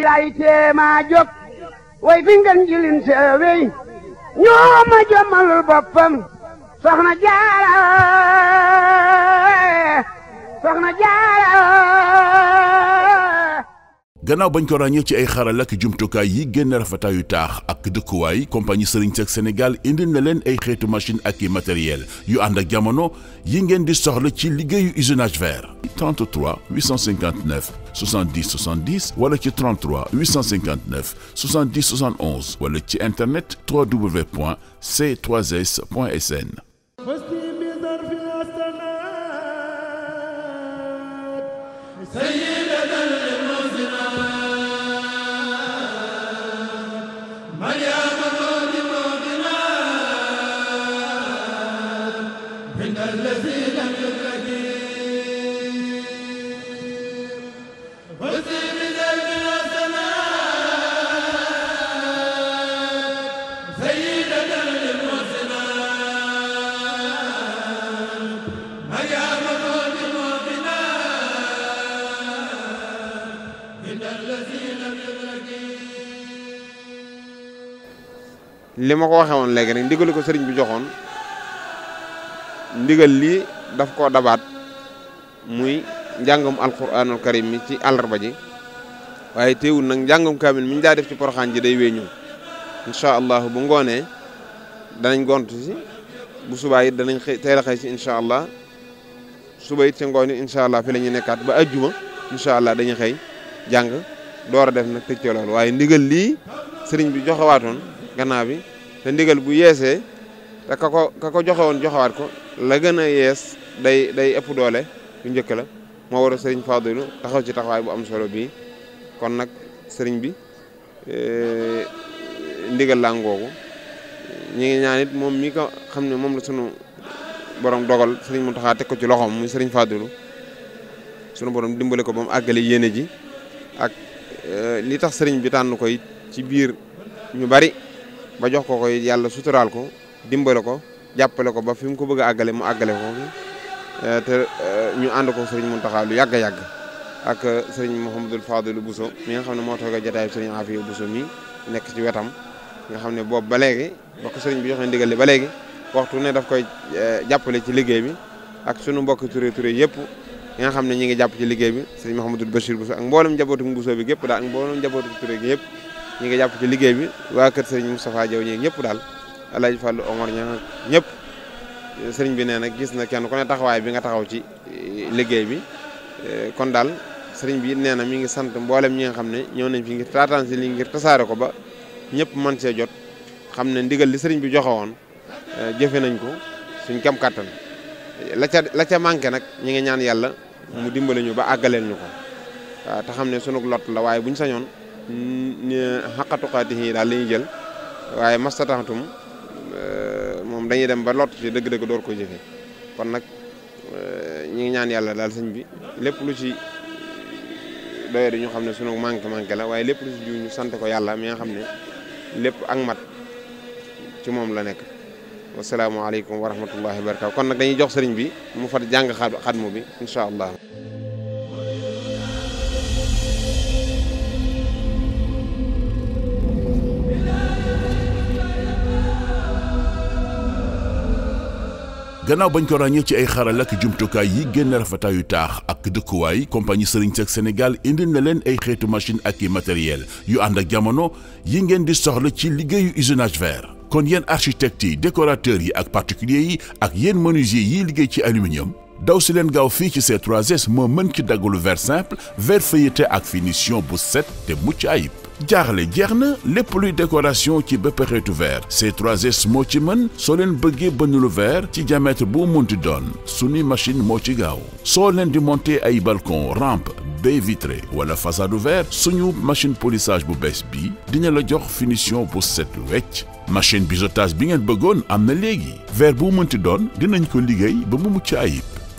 lay tee maa jóg way fi ngeen jilin seewey ñoo ma jommalul boppam soxna Jaara gannaaw bañ ko ràññee ci ay xaral ak jumtukaay yi génn rafetaayu taax ak dëkkuwaay compagnie Serigne Seck Sénégal indi na leen ay xeetu machine ak yi matériel yu ànd ak jamono yi ngeen di soxla ci liggéeyu usinage vert. 33 859 70 70 wala ci 33 859 70 71 wala ci internet www.c3s.sn. li ma ko waxee woon léegi rek ndigal ko sëriñ bi joxoon ndigal lii daf koo dabaat muy njàngum alquranul karim mi ci àllarba ji waaye teewul nag njàngum kaamil mi ñu def ci poroxaan ji day weñu incha allah bu ngoonee danañ gontu si bu subaa it danañ xëy teel a xëy si incha allah suba it si ngoon it incha allah fi la nekkaat ba ajjuma incha allah dañuy xëy jàng door a def nag tëj ci waaye ndigal lii sëriñ bi joxewaatoon gannaaw bi te ndigal bu yeesee. te ka ko ka ko joxewaat ko la gën a yees day day ëpp doole lu njëkk la moo war a sëriñ Fadilu taxaw ci taxawaay bu am solo bii kon nag sëriñ bi e, ndigal làngoogu ñi ngi ñaanit moom mi ko xam ne moom la sunu borom dogal sëriñ Muntaxa teg ko ci loxoom muy sëriñ Fadilu sunu borom dimbale ko ba mu àggale yéene ji ak e, li tax sëriñ bi tànn koy ci biir ñu bari ba jox ko koy yàlla suturaal ko dimbale ko jàppale ko ba fi mu ko bëgg a àggale mu àggale foofu eh, te eh, ñu ànd ko sëriñ Mountakha lu yàgg yàgg ak sëriñ Mouhamadul Fadil Bousso mi nga xam ne moo toog a jotaay sëriñ Afia Bousso mi nekk ci wetam nga xam ne boobu ba léegi ba ko sëriñ bi joxe ndigal li ba léegi waxtu ne daf koy eh, jàppale ci liggéey bi ak sunu mbokk turé turé yëpp nga xam ne ñi ngi jàpp ci liggéey bi sëriñ Mouhamadul Bachir Bousso ak mboolem njabootu Bousso bi gépp daal ak njabootu turé yëpp ñi ngi jàpp ci liggéey bi waa kër sëriñ Moustapha Diaw ñi ñëpp daal Alaaji Fàllu Omar ña ñëpp sëriñ bi nee na gis na kenn ku ne taxawaay bi nga taxaw ci eh, liggéey bi eh, kon daal sëriñ bi nee na mi ngi sant mboolem ñi nga xam ne ñëw nañ fi ngir taataan si li ngir tasaare ko ba ñépp mën see jot xam ne ndigal li sëriñ bi joxe woon eh, jëfe nañ ko suñ kam kàttan la ca la ca manqué nag ñi ngi ñaan yàlla mu dimbale ñu ba àggaleel ñu ko waaw ah, te xam ne sunu lot la waaye buñ sañoon xaqatuqaati yi daal la jël waaye mastataxtum dañuy dem ba lott ci dëgg-dëgg door ko jëfee kon nag euh, ñi ngi ñaan yàlla daal sëñ bi lépp lu ci euh, doye ñu xam ne sunu manqué manqué la waaye lépp lu ci jiw ñu sant ko yàlla mi nga xam ne lépp ak mat ci moom la nekk wasalaamaaleykum wa rahmatullahi wa barakatu kon nag dañuy jox sëriñ bi mu fat jàng xatmu bi incha allah gannaaw bañ ko ràññee ci ay xaral ak jumtukaay yi génn rafetaayu taax ak dëkkuwaay compagnie Serigne Seck Sénégal indil na leen ay xeetu machine ak i matériel yu ànd ak jamono yi ngeen di soxla ci liggéeyu usinage vert. kon yéen architecte yi décorateur yi ak particulier yi ak yéen menuisier yi liggéey ci aluminium daw si leen gaaw fii ci ces 3S moo mën ci daggalu verre simple verre feuilleté ak finition bu set te mucc ayib jaaxle jeex na lépp luy décoration ci bépp xeetu ver ces 3S moo ci mën soo leen bëggee bañu lu ver ci diamètre bu munti doon suñu machine moo ci gaaw soo leen di monter ay balcon rampe baie vitrée wala façade verre suñu machine polissage bu bees bi dina la jox finition bu set wecc machine biseautage bi ngeen bëggoon am na léegi ver bu munti doon dinañ ko liggéey ba mu mucc ayib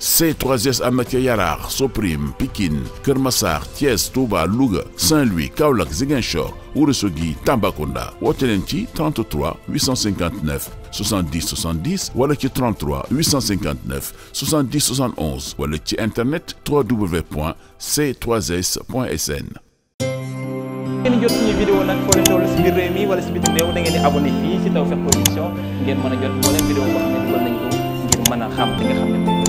C3S am na ca Yaraax Soprim Pikine Kër Massar Thiès Touba Louga Saint-Louis Kaolack Ziguinchor Ourossogui Tambacounda woote leen ci 33 859 70 70 wala ci 33 859 70 wala ci internet www.c3s.sn. ngeen jot suñu vidéo nag foo wala si bitim réew da ngeen di abonné fii